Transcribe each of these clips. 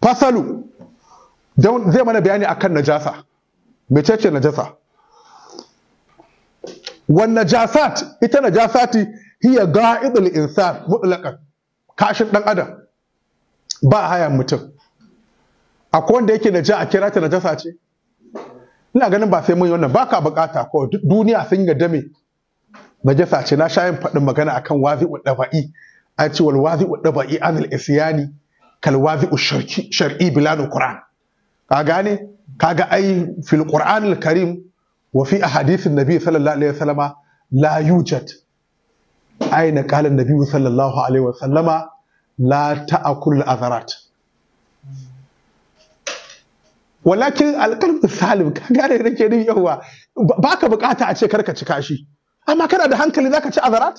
fasalu zai mana bayani akan najasa mecece najasa wan najasat ita najasati hiya ga'idul insan mutlaqan kashin dan adam ba hayan mutum akwai wanda yake naja a kira ta najasa ce ina ganin ba sai mun yi wannan baka bukata ko duniya sun ga dame najasa ce na sha yin faɗin magana akan wazi'u daba'i a ce wal wazi'u daba'i anil isyani kalwazi shar'i bilal qur'an ka gane kaga ai fil qur'an al karim wa fi ahadith an nabi sallallahu alaihi wasallama la yujad aina qala nabi sallallahu alaihi wasallama la ta'akul al walakin alƙalbi salim ka gane nake din yawa ba ka bukata a ce karka ci kashi amma kana da hankali zaka ci azarat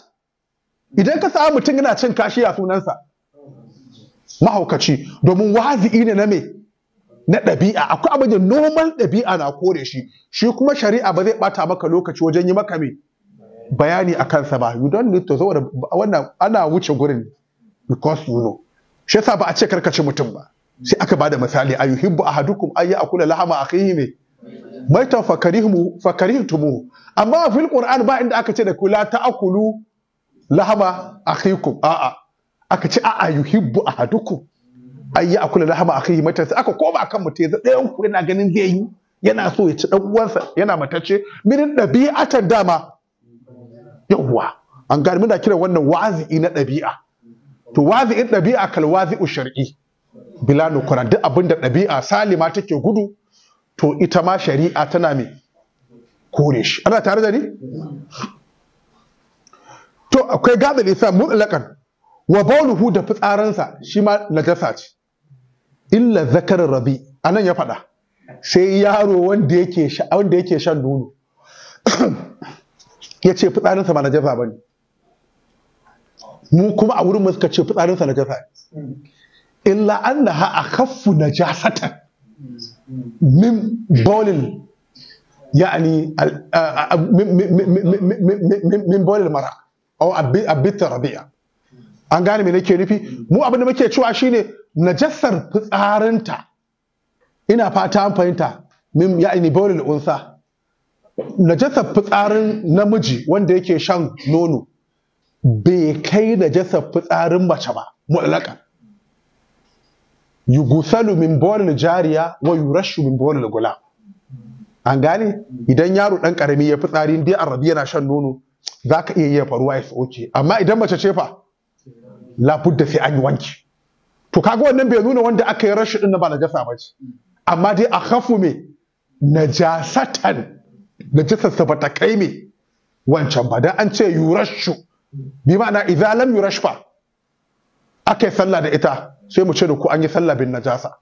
idan ka samu mutum yana cin kashi a sunansa mahaukaci domin wazi'i ne na me na ɗabi'a akwai abin da normal ɗabi'a na kore shi shi kuma shari'a ba zai ɓata maka lokaci wajen yi maka me bayani a kansa ba you don't need to zo wannan ana wuce gurin because you know shi yasa ba a ce karkace mutum ba sai aka bada misali ayuhibbu ahadukum lahama akhihi me maitan fakarihtumu amma fil qur'an ba inda aka ce da kula ta akulu, lahama akhikum a'a aka ce a'a yuhibbu ahadukum ayya akula lahama akhihi mata sai aka koma akan mutai da ɗayan ku yana ganin zai yi yana so ya ci dan uwansa yana matace mirin ɗabi'atan dama yawwa an gani muna kiran wannan wazi'i na ɗabi'a to wazi'in ɗabi'a kal wazi'u shar'i bila nukura duk abinda ɗabi'a salima take gudu to ita ma shari'a tana mai kore shi ana tare da ni to akwai gadal isa mutlaqan wa bauluhu da fitsarinsa shi ma najasa ce illa zakar rabi a nan ya faɗa sai yaro wanda yake wanda yake shan nono ya ce fitsarinsa ba najasa ba ne mu kuma a wurin suka ce fitsarinsa najasa ne illa an ha a akhaffu najasatan min baulil يعني min bolin mara a أبيت Rabi'a. an gane me nake nufi mu abin da muke cewa shine najasar fitsarinta ina fata an fahimta min ya'ni bawlil unsa najasar fitsarin namiji wanda yake shan nono bai kai najasar fitsarin mace ba mutlaqan yugusalu min bawlil jariya wa yurashu min bawlil gulam an gane idan yaro dan karami ya fitsari dai rabi yana shan nono zaka iya yi faruwa ya soke amma idan mace ce fa labudda sai an yi wanki to kaga wannan bai nuna wanda aka yi rashi din na ba ba ce amma dai a khafu me najasatan najasarsa ba ta kai me wancan ba dan an ce yurashu bi ma'ana idza lam yurash aka yi sallah da ita sai mu ce da ku an yi sallah bin najasa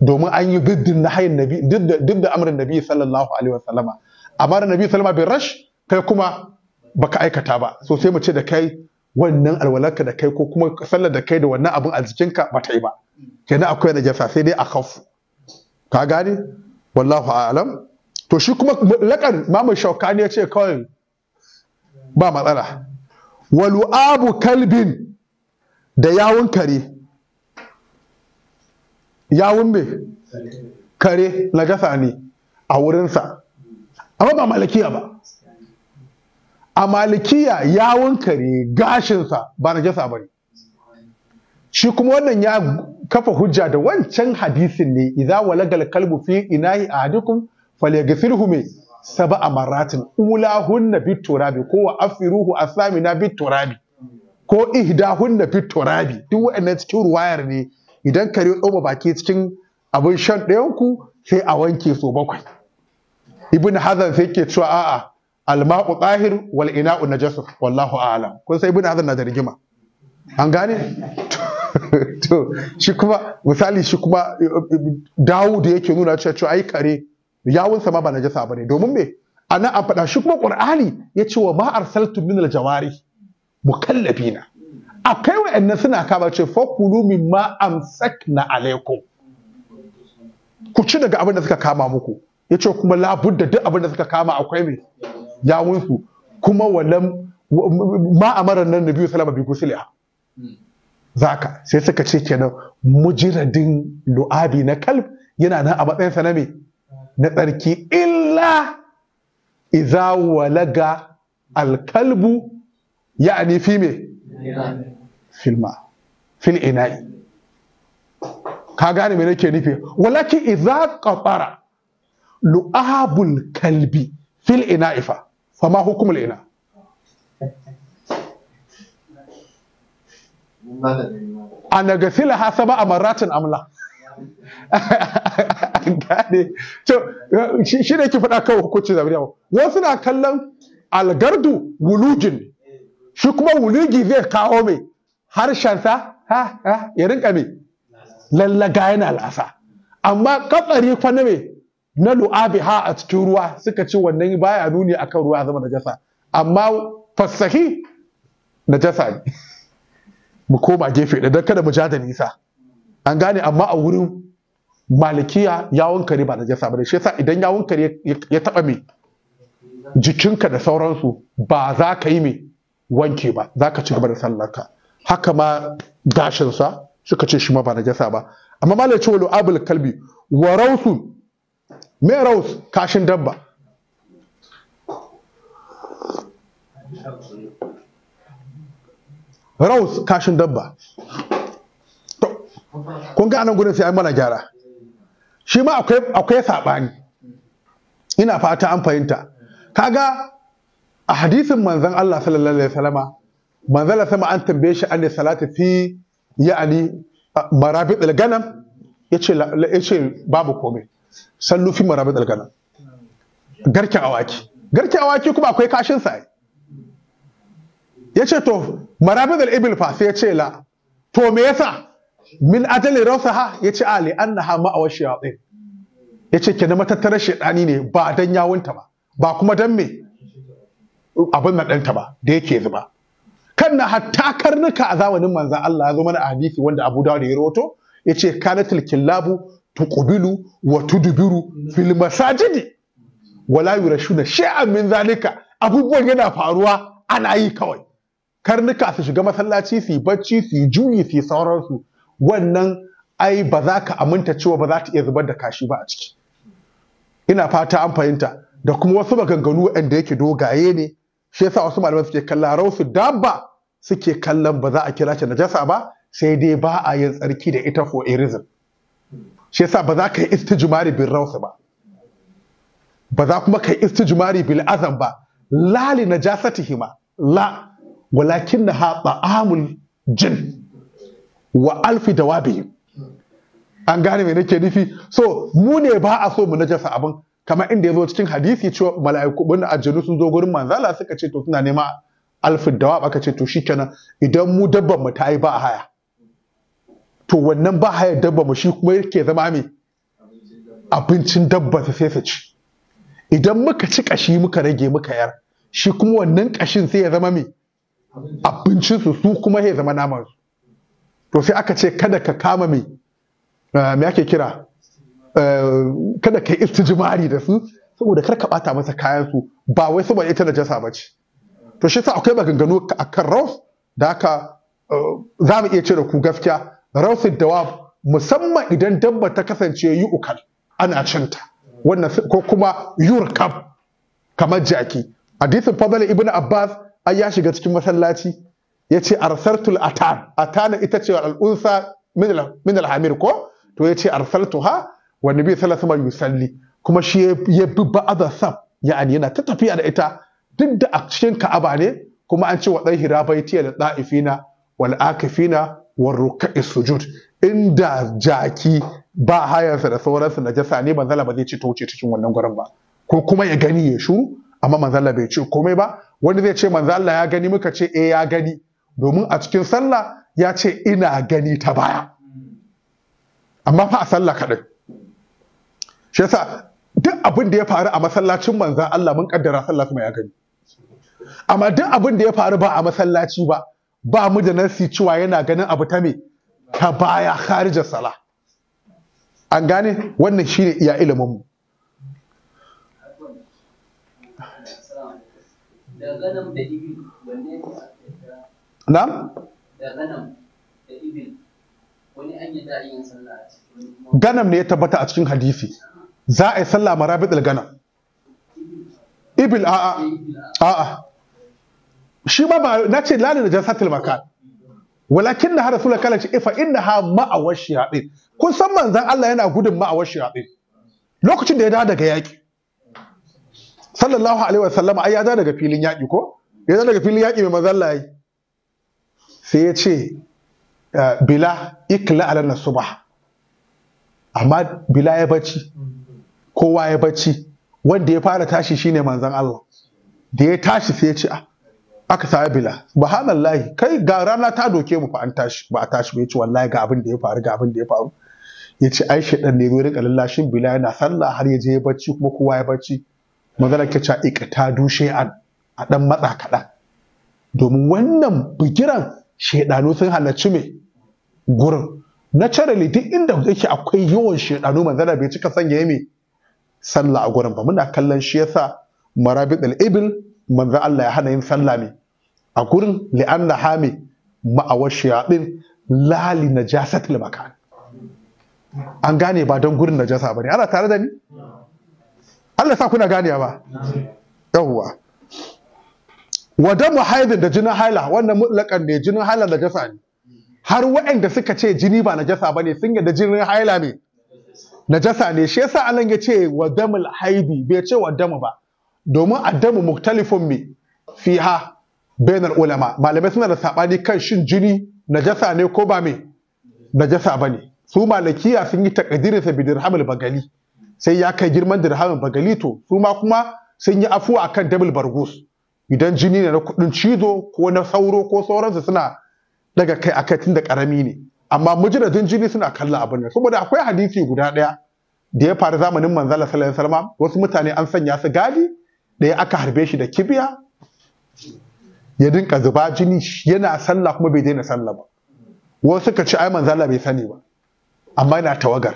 domin an yi diddin nahayin nabi duk da amrin nabi sallallahu alaihi wasallama amma nabi sallama bin rash kai kuma baka aikata ba so sai mu ce da kai wannan alwalarka da kai ko kuma sallar da kai da wannan abin a jikinka ba ta yi ba kenan akwai najasa sai dai a kafu ka gane wallahu a'lam to shi kuma lakar mamu shaukani ya ce kawai ba matsala walu'abu kalbin da yawun kare yawun me kare najasa ne a wurinsa amma ba malakiya ba a malikiya ya wankare gashinsa ba ba bane shi kuma wannan ya kafa hujja da wancan hadisin ne idza walagal kalbu fi inahi ahadukum falyaghfirhu me sab'a maratin ulahunna bit turabi ko wa afiruhu asamina bit turabi ko ihdahunna bit turabi duk waɗannan cikin ruwayar ne idan kare tsoma baki cikin abin shan ɗayanku sai a wanke so bakwai ibn hazan sai ke cewa a'a alma'u ɗahir wal ina'u najas wallahu a'lam kun sai ibnu hazan na da rigima an gane to shi kuma misali shi kuma da yake nuna cewa cewa ai kare Yawun sama ba najasa bane domin me ana an faɗa shi kuma qur'ani ya ce wa ma arsaltu min aljawari mukallabina akai wa'annan suna kama ce fakulu mimma na alaikum ku ci daga abin da suka kama muku ya ce kuma da duk abinda da suka kama akwai mai yawunsu kuma walam ma amaran nan nabi salama bi gusliha zaka sai suka ce kenan mujiradin lu'abi na kalb yana nan a matsayin na na tsarki illa iza walaga alkalbu ya'ani fi me filma fil ina'i ka gane me nake nufi Walaki iza qatara lu'abul kalbi fil ina'ifa ifa fama hukumul ina a nagasila ha sama a maratin amla gane shi ne ki faɗa hukunci hukuncin zabiriya wasu na kallon algardu wulujin, shi kuma wulugi zai kawo mai harshensa ha ha ya rinka mai lallaga yana lasa amma katsari fa na mai na lu'abi ha a cikin ruwa suka ce wannan baya nuni a kan ruwa zama najasa amma fassahi najasa ne mu koma gefe da don kada mu ja da nisa an gane amma a wurin malikiya yawon kare ba najasa ba shi yasa idan yawon kare ya taba me jikinka da sauransu ba za ka yi me wanke ba za ka ci gaba da sallarka haka ma gashin sa suka ce shi ma ba najasa ba amma malai ce wa lu'abul kalbi wa rausun me raus kashin dabba raus kashin dabba to kun ga anan gudun sai an mana gyara shi ma akwai akwai sabani ina fata an fahimta kaga a hadisin manzon Allah sallallahu alaihi wasallama manzon sama an tambaye shi an salati fi ya'ani ah, marabit al-ganam yace yace babu komai sallufin marabin marabit garke awaki garke awaki kuma akwai kashin sa yace to marabin al-ibil fa sai yace la to me yasa min ajali rausaha yace ali annaha ma'awa shayatin yace kenan matattarar shedani ne ba dan yawunta ba ba kuma dan me abin nan ɗanta ba da yake zuba kan na hatta karnuka a zamanin manzan Allah ya zo mana a hadisi wanda Abu Dawud ya rawato yace kanatul killabu tuqbilu wa tudbiru fil masajidi wala yurashuna shay'an min zalika abubuwan yana faruwa ana yi kawai karnuka su shiga masallaci su yi bacci su yi juyi su yi sauransu wannan ai ba za ka aminta cewa ba za ta iya zubar da kashi ba a ciki ina fata an fahimta da kuma wasu maganganu wanda yake dogaye ne shi yasa wasu malaman suke kalla rausu dabba suke kallon ba za a kira ta najasa ba sai dai ba a yin tsarki da ita for a reason shi yasa ba za ka yi istijmari bil raus ba ba za kuma ka yi istijmari bil azam ba lali li najasatihima la walakin ha ta'amul jin wa alfi dawabihim an gane me nake nufi so mu ne ba a so mu najasa abin kamar inda ya zo cikin hadisi cewa mala'iku bin aljanu sun zo gurin manzala suka ce to suna nema alfin dawab aka ce to shikenan idan mu dabban mu ta yi ba a haya to wannan ba hayar dabba mu shi kuma yake zama mai abincin dabba ta sai su ci idan muka ci kashi muka rage muka yar shi kuma wannan kashin sai ya zama mai abincin su su kuma ya zama naman su to sai aka ce kada ka kama mai ah, me ake kira eh, kada ka yi da su saboda kar ka bata masa kayan su ba wai saboda ita jasa ba ce to shi sa akwai maganganu akan rauf da aka eh, za mu iya cire ku gaskiya rausin dawab musamman idan dabba ta kasance yi ukal ana cinta wannan ko kuma yurkab kamar jaki hadisin fadl ibn abbas ai ya shiga cikin masallaci yace arsaltul atan atana ita ce al'unsa min hamir ko to yace arsaltuha wa nabi sallallahu alaihi wasallam kuma shi ya bi ba'adha sab yani yana ta tafiya da ita duk da a cikin ka'aba ne kuma an ce wa dai hirabaitiya da da'ifina wal akifina warruka sujud inda jaki ba hayansa da sauransu na jasa ne manzala ba zai ce ta wuce cikin wannan gurin ba ko kuma ya gani ya shuru amma manzala bai ce komai ba wani zai ce manzala ya gani muka ce eh ya gani domin a cikin sallah ya ce ina gani ta baya amma fa a sallah kaɗai shi yasa duk abin da ya faru a masallacin manzan Allah mun kaddara sallah kuma ya gani amma duk abin da ya faru ba a masallaci ba ba mu da nasi cewa yana ganin abu ta me ta baya harijar sala an gane wannan shine iya ilimin mu Ganam ne ya tabbata a cikin hadisi. Za a yi sallah marabit ganam. Ibil a'a. A'a. shi ma ba na ce Jan satil maka walakin na harasula kala ce ifa inna ha ma'awar shayatin kun san manzan Allah yana gudun ma'awar shayatin lokacin da ya dawo daga yaƙi. sallallahu alaihi wasallam ai ya dawo daga filin yaƙi ko ya dawo daga filin yaƙi mai manzan Allah yi sai ya ce eh, bila ikla alana subah amma bila ya bacci kowa ya bacci wanda ya fara tashi shine manzan Allah da ya tashi sai ya ce ah aka ta bila Ba layi kai ga rana ta doke mu fa an tashi ba a tashi ba ci wallahi ga abin da ya faru ga abin da ya faru Ya ce ai shi ne ya rika lalashin bila yana sallah har ya je ya bacci kuma kowa ya bacci magana ke cewa iqta dushe an a ɗan matsa kaɗa domin wannan bigiran shaɗanu sun halarci me gurin Na cire duk inda yake akwai yawan shaidano manzala bai cika sanya mai. sallah a gurin ba muna kallon shi yasa marabit al-ibil manzo Allah ya hana yin sallah ne a gurin na hami ma'awar shayaɗin lali na jasatul makan an gane ba don gurin jasa ba ne ana tare da ni Allah sa kuna gane ba yawwa wa muhaibin haidin da jinin haila wannan mutlakan ne jinin haila jasa ne har waɗanda suka ce jini ba jasa ba ne sun yadda jinin haila ne Na jasa ne shi yasa anan ya ce wa damul haidi bai ce wa damu ba domin addamu muktalifun mi fiha bainar ulama malamai suna da sabani kan shin jini najasa ne ko ba me najasa bane su malakiya sun yi takaddirin sa bi bagali sai ya kai girman dirhamin bagali to su ma kuma sun yi afuwa akan dabul bargus idan jini ne na kudin cizo ko na sauro ko sauransu suna daga kai akai tunda karami ne amma mujiradin jini suna kallon abin nan saboda akwai hadisi guda daya da ya faru zamanin manzala sallallahu alaihi wasallam wasu mutane an sanya su gadi ya aka harbe shi da kibiya ya dinka zuba jini yana sallah kuma bai daina sallah ba wasu suka ce ai manzala bai sani ba amma yana tawagar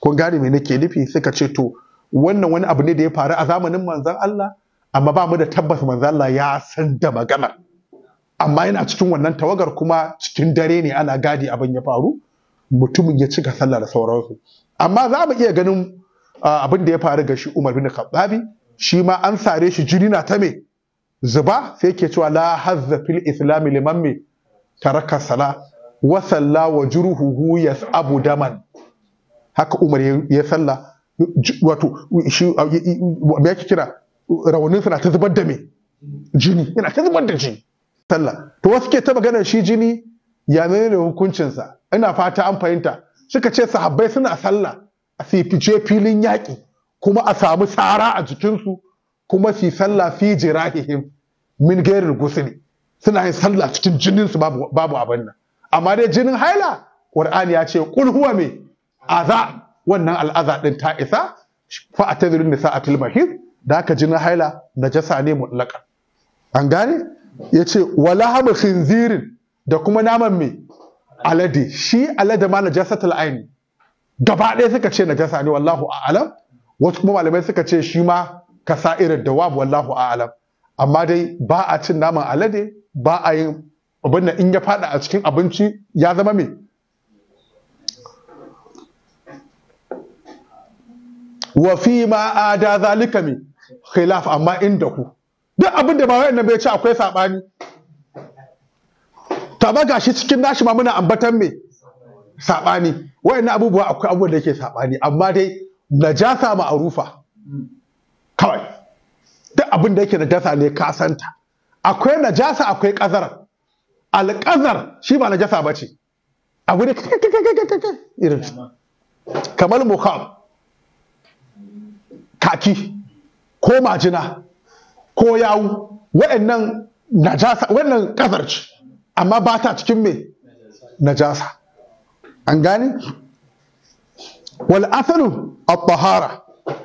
kun gane me nake nufi suka ce to wannan wani abu ne da ya faru a zamanin manzon Allah amma ba mu da tabbas manzon Allah ya san da maganar amma yana cikin wannan tawagar kuma cikin dare ne ana gadi abin ya faru mutumin ya cika sallah da sauransu amma za mu iya ganin ah, abin da ya faru ga shi Umar bin Khattabi shi ma an sare shi jini na ta me zuba sai ke cewa la hazza fil islam liman mi taraka sala wa salla wa juruhu yas'abu daman haka Umar ya salla wato shi me yake kira rawanin suna ta zubar da me jini yana ta zubar da jini sallah to wasu ke ta magana shi jini ya ne hukuncinsa ina fata an fahimta suka ce sahabbai suna sallah a fice filin yaƙi kuma a samu tsara a jikinsu kuma fi salla fi jirahihim min gairin gusuli suna yin salla cikin jinin su babu babu abin nan amma dai jinin haila qur'ani ya ce qul huwa me aza wannan al'aza din ta isa fa atadhirun nisa'atil mahid da haka jinin haila najasa ne mutlaka an gane yace wala hamu khinzirin da kuma naman me alade shi alade ma najasatul aini gaba ɗaya suka ce najasa ne wallahu a'lam wasu kuma malamai suka ce shi ma ka irin dawa wallahu a'alam amma dai ba a cin naman alade ba a yin abin da in ya fada a cikin abinci ya zama me wa fi ma ada zalika mi khilaf amma inda ku duk abin da ba nan bai ci akwai sabani ta ba gashi cikin nashi ma muna ambatan me sabani wayannan abubuwa akwai abubuwan da yake sabani amma dai najasa ma'arufa kawai duk abin da yake jasa ne ka santa akwai najasa akwai ƙazar alƙazar shi ba najasa ba ce abu ne irin kamar mukam kaki ko majina ko yawu wa'annan najasa wannan ƙazar ce amma ba ta cikin me najasa an gane wal asalu at-tahara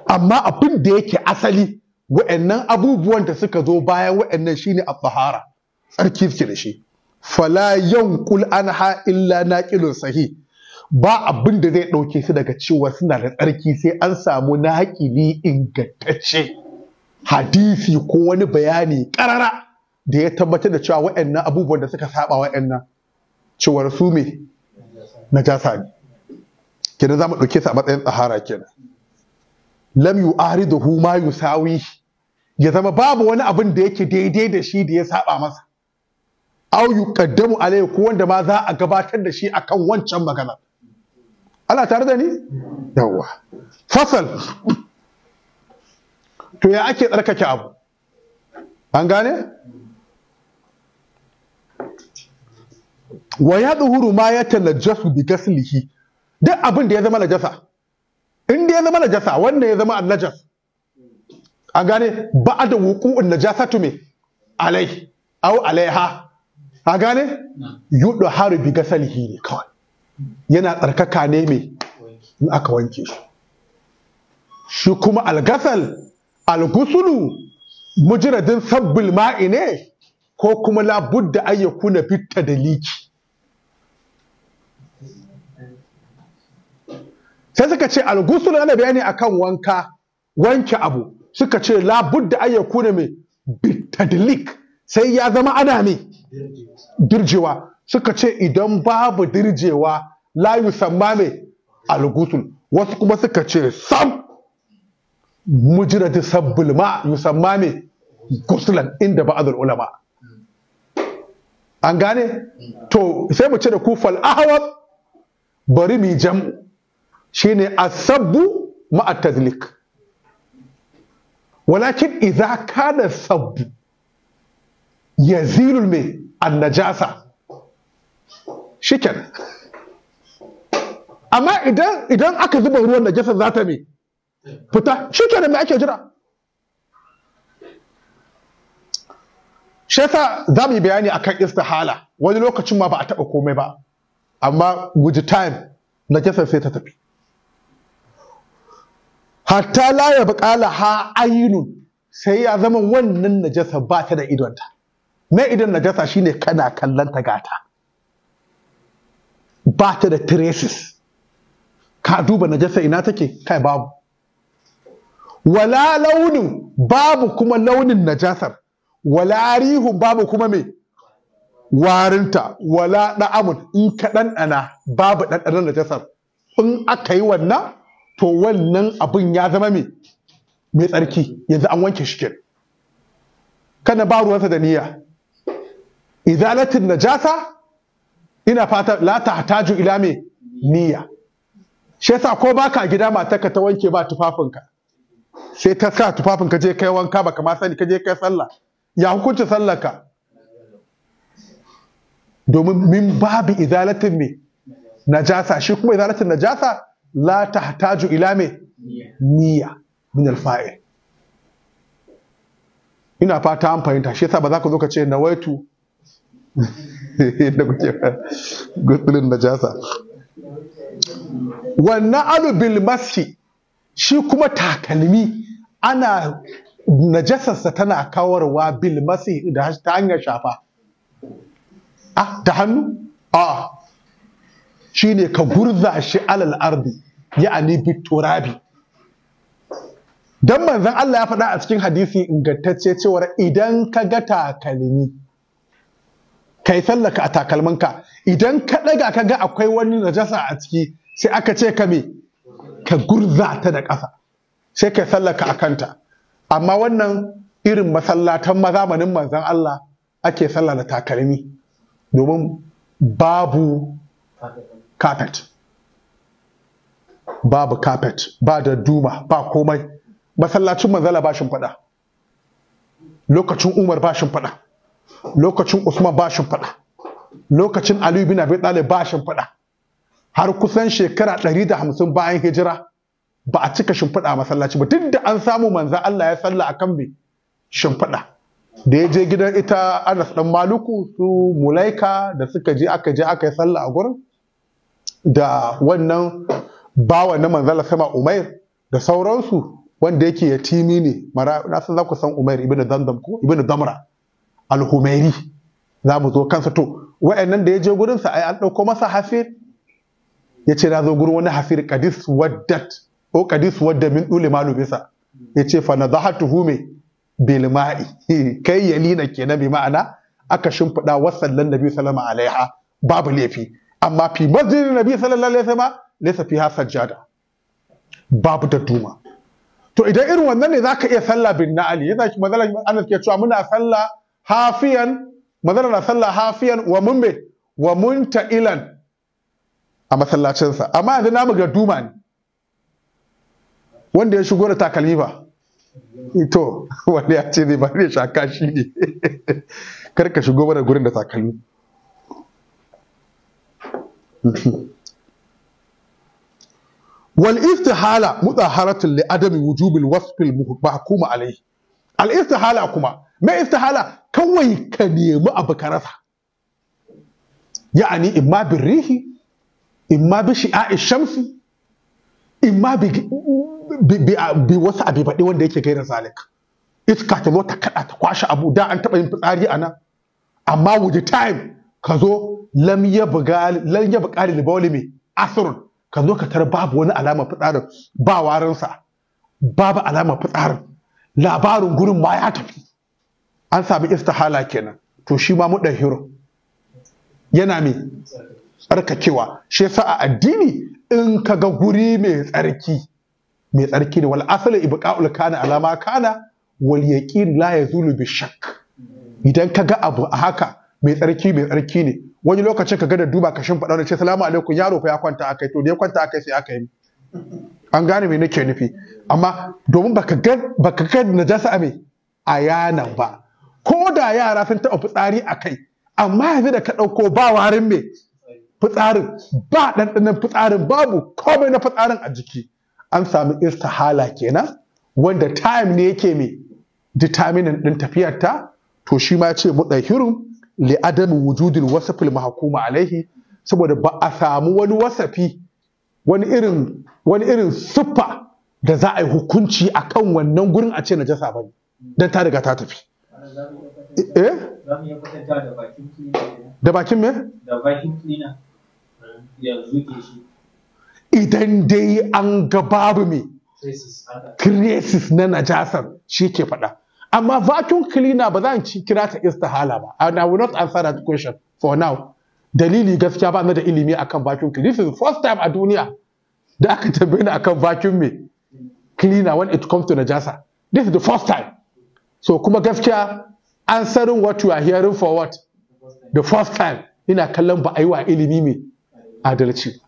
amma abin da yake asali wa'annan abubuwan da suka zo bayan wa'annan shine a tsarki ce da shi fala yanqul anha illa naqilun sahi. ba abin da zai dauke su daga cewa suna da tsarki sai an samu naqili ingantacce hadisi ko wani bayani karara da ya tabbatar da cewa wa'annan abubuwan da suka saba wa'annan cewar su me najasa ne kenan za mu ɗauke su a matsayin tsahara kenan lam yu'aridahu ma sawi ya zama babu wani abin da yake daidai da shi da ya saba masa yu kaddamu alayhi ko wanda ma za a gabatar da shi akan wancan magana ana tare da ni yawa fasal to ya ake tsarkake abu an gane wa ya ma ya talajjasu bi gaslihi duk abin da ya zama najasa in da ya zama najasa wanda ya zama annajas A gane ba da wuqu'un najasatu me alai au alaiha A gane yudu har bi gasalihi ne kawai yana tsarkaka ne me in aka wanke shi shi kuma algasal algusulu mujiradin sabbul ma'i ne ko kuma labudda ayyakuna fitta da liki sai suka ce algusul ana bayani akan wanka wanke abu suka ce budda an yakuna mai bitadlik sai ya zama ana mai dirjewa suka ce idan babu dirjewa la yusamma mai algusul wasu kuma suka ce sam mujrad sabbul ma yusamma mai guslan inda ba azul ulama an gane to sai mu ce da kufal ahwab bari mu jam'u shine asabbu sabbu ma'atazlik walakin iza kana sabbu zilul mai annajasa shiken amma idan aka zuba ruwan najasa za ta mai fita shiken mai ake jira shesa za mu yi bayani akan istihala wani lokacin ma ba a taɓa komai ba amma guji time Najasa sai ta tafi hatta la ya buƙala ha ainun sai ya zama wannan najasa ba ta da idonta na idon najasa shine kana kallon ta gata ba ta da traces ka duba najasa ina take kai babu wala launin babu kuma launin najasar wala rihun babu kuma me warinta wala da'amun in ka ɗanɗana babu ɗanɗanon najasar in aka yi wannan to wannan abin ya zama mai mai tsarki yanzu an wanke shi kenan kana ba ruwansa da niyya izalatin najasa ina fata la tahtaju ila me niyya shi yasa ko baka gida matarka ta wanke ba tufafinka sai ta sa tufafinka je kai wanka baka ma sani ka je kai sallah ya hukunci sallarka domin min babu izalatin me najasa shi kuma izalatin najasa la tahtaju ila me niyya min alfa'il ina fata an fahimta shi yasa ba za ku zo ka ce nawaitu da kuke gutsulin najasa wannan alubil masi shi kuma takalmi ana najasarsa tana kawarwa bil masi da ta hanyar shafa ah ta hannu ah shine ka gurza shi alal ardi ya'ani bi turabi dan manzon Allah ya faɗa a cikin hadisi ingantacce cewar idan ka ga takalmi kai sallaka a ka, idan ka ɗaga ka ga akwai wani najasa a ciki sai aka ce ka me ka gurza ta da ƙasa sai ka sallaka a kanta amma wannan irin masallatan mazamanin manzon Allah ake sallah da takalmi domin babu carpet babu carpet ba da duma ba komai masallacin manzala ba fada lokacin umar ba fada lokacin usman ba fada lokacin aliyu bin abi talib ba fada har kusan shekara 150 bayan hijira ba a cika shimfiɗa a masallaci ba duk da an samu manzan Allah ya salla akan me shimfiɗa da ya je gidan ita Anas dan Maluku su Mulaika da suka je aka je aka yi sallah a gurin da wannan bawa na manzala sama umair da sauransu wanda yake yatimi ne mara na san za ku san umair ibn zamzam ko ibn damra al-humairi za mu zo kansa to wa'annan da ya je gurinsa ai an ɗauko masa hafir ya ce na zo gurin wani hafir kadis waddat ko kadis wadda min dule malu bisa ya ce fa na zahatuhu bil ma'i kai yalina kenan bi ma'ana aka shimfiɗa wasallan nabi sallallahu alaiha babu laifi amma fi masjidin nabi sallallahu alaihi wasallam laysa fiha sajjada babu da duma to idan irin wannan ne zaka iya sallah bin na'ali yana ki mazalan Allah ke cewa muna sallah hafiyan mazalan na sallah hafiyan wa mun be wa mun ilan? a sa amma yanzu namu ga duma ne wanda ya shigo da takalmi ba to wanda ya ce zai ba zai shaka shi ne kar ka shigo mana gurin da takalmi wal istihala mutaharatun li adami wujubil wasfil mahkuma Alayhi. al istihala kuma mai istihala kawai ka nemi abu ya'ani imma bin rihi imma bi shi'a'i shamsi imma bi wasu abi baɗi wanda yake gaira salik iska ta mota ta kaɗa ta kwashe abu da an taɓa yin fitsari anan amma with time ka zo lam ya buƙari mai ka zo ka tar babu wani alama fitsarin ba warinsa babu alama fitsarin labarin gurin ma ya tafi an sami istihala kenan to shi ma muɗan hero yana mai tsarkakewa shi yasa a addini in ka ga guri mai tsarki mai tsarki ne wal asali ibqa'ul kana alama kana wal yaqin la yazulu bi shakk idan ka ga abu a haka mai tsarki mai tsarki ne wani lokacin ka ga da duba ka faɗa wani ce salamu alaikum yaro fa ya kwanta akai to da ya kwanta akai sai aka yi an gane me nake nufi amma domin baka ga baka ga najasa a me a yanan ba ko da yara sun taɓa fitsari a kai amma yanzu da ka ɗauko ba warin me fitsarin ba ɗanɗanon fitsarin babu komai na fitsarin a jiki an sami istihala kenan wanda time ne yake me determinant ɗin tafiyarta to shi ma ce mu mutsahirun li adam wujudil wasafil mahkuma alaihi saboda ba a samu wani wasafi wani irin wani irin siffa da za a yi hukunci a kan wannan gurin a ce najasa ba ne don ta riga ta tafi eh da bakin me da bakin idan dai an ga babu me traces na najasar shi ke faɗa amma vacuum cleaner ba za in ci kira ta istihala ba and i will not answer that question for now dalili gaskiya ba na da ilimi akan vacuum cleaner this is the first time a duniya da aka tambaye akan vacuum me cleaner when it comes to najasa this is the first time so kuma gaskiya answering what you are hearing for what the first time ina kallon ba a yi wa ilimi mai adalci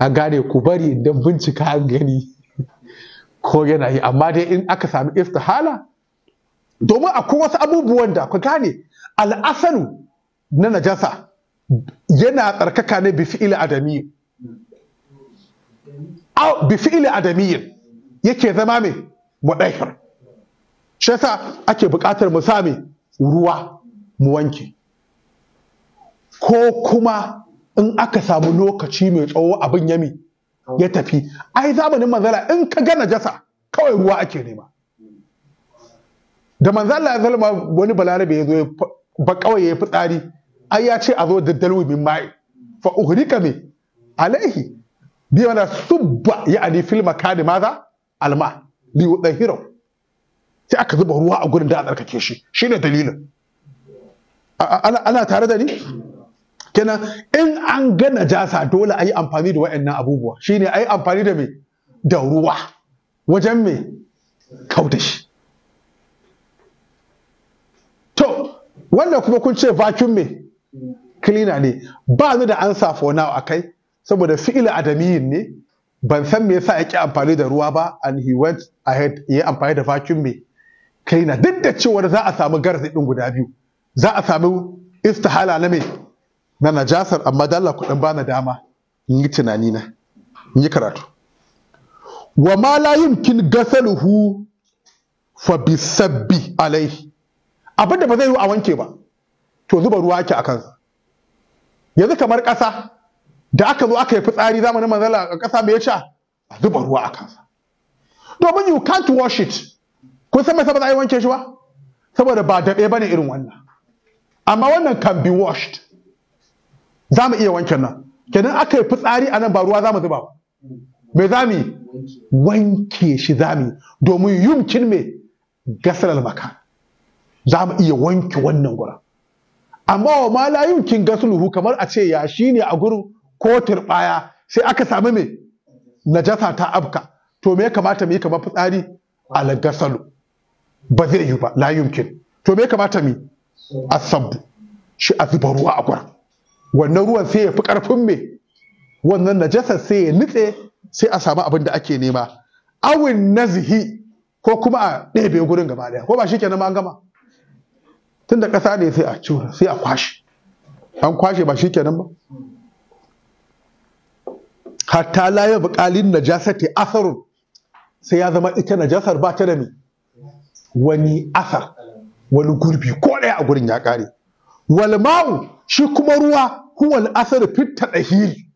a gane ku bari idan bincika an gani ko yana yi amma dai in aka sami hala. domin akwai wasu abubuwan da ku gane al'asalu na najasa yana tsarkaka ne bi fi'il adami bi fi'il adami yake zama mai mudaifar shi yasa ake buƙatar mu sami ruwa mu wanke ko kuma in aka samu lokaci mai tsawo abin yami ya tafi ai zamanin manzala in ka ga najasa kawai ruwa ake nema da manzo Allah ya zalma wani balarabe ya zo ba kawai ya fitsari ai ya ce a zo da dalwi min mai fa uhrika me alaihi bi wana subba ya ani fil makani maza alma li yudhhiru sai aka zuba ruwa a gurin da a tsarkake shi shine dalilin ana tare da ni kenan in an ga najasa dole ayi yi amfani da waɗannan abubuwa shine ayi amfani da me da ruwa wajen me kauda wannan kuma kun ce vacuum me cleaner ne ba ni da ansa for now kai saboda fi'il adamiyin ne ban san me yasa yake amfani da ruwa ba and he went ahead ya amfani da vacuum me cleaner duk da cewa za a samu garzi din guda biyu za a samu istihala na me na najasar amma dalla kuɗin ba na dama in yi tunani na in yi karatu wa ma la yumkin gasaluhu fa bisabbi alaihi abin da ba zai yi a wanke ba to zuba ruwa yake a kansa yanzu kamar ƙasa da aka zo aka yi fitsari zamanin manzala a ƙasa mai sha a zuba ruwa a kansa domin you can't wash it kun san mai saboda ai wanke shi ba saboda ba daɓe bane irin wannan amma wannan can be washed za mu iya wanke nan kenan aka yi fitsari a nan ba ruwa za mu zuba ba me za mu wanke shi za mu domin yumkin mai gasar maka. za mu iya wanke wannan gura amma wa ma la yumkin gasluhu kamar a ce ya shi ne a gurin ko turbaya sai aka sami me najasa ta abka to me ya kamata mu yi kamar fitsari algasalu ba zai yi ba la yumkin to me ya kamata mu asabu shi a zuba ruwa a gurin wannan ruwan sai ya fi karfin me wannan najasar sai ya nitse sai a samu abin da ake nema awin nazihi ko kuma a ɗebe gurin gaba ɗaya ko ba shi kenan ma an gama tun da ƙasa ne sai a cura sai a kwashe an kwashe ba shi kenan ba hatta la ya buƙalin najasati asarun sai ya zama ita najasar ba ta da me wani asar wani gurbi ko ɗaya a gurin ya ƙare wal shi kuma ruwa huwal asar fit tadhiri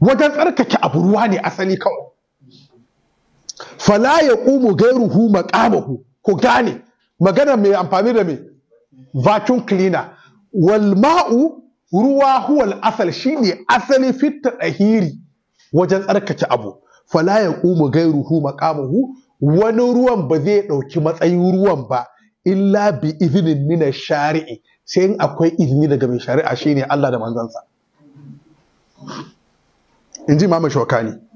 wajen tsarkake abu ruwa ne asali kawai fala ya ƙumu gairuhu maƙamahu ku gane magana mai amfani da mai vacuum cleaner walma'u ruwa huwal asal shine asali fitta ɗahiri wajen tsarkake abu fala ya gai gairuhu maqamahu wani ruwan ba zai ɗauki matsayin ruwan ba illa bi izinin mina shari'i sai in akwai izini daga mai shari'a shine Allah da manzansa in ji mama shokani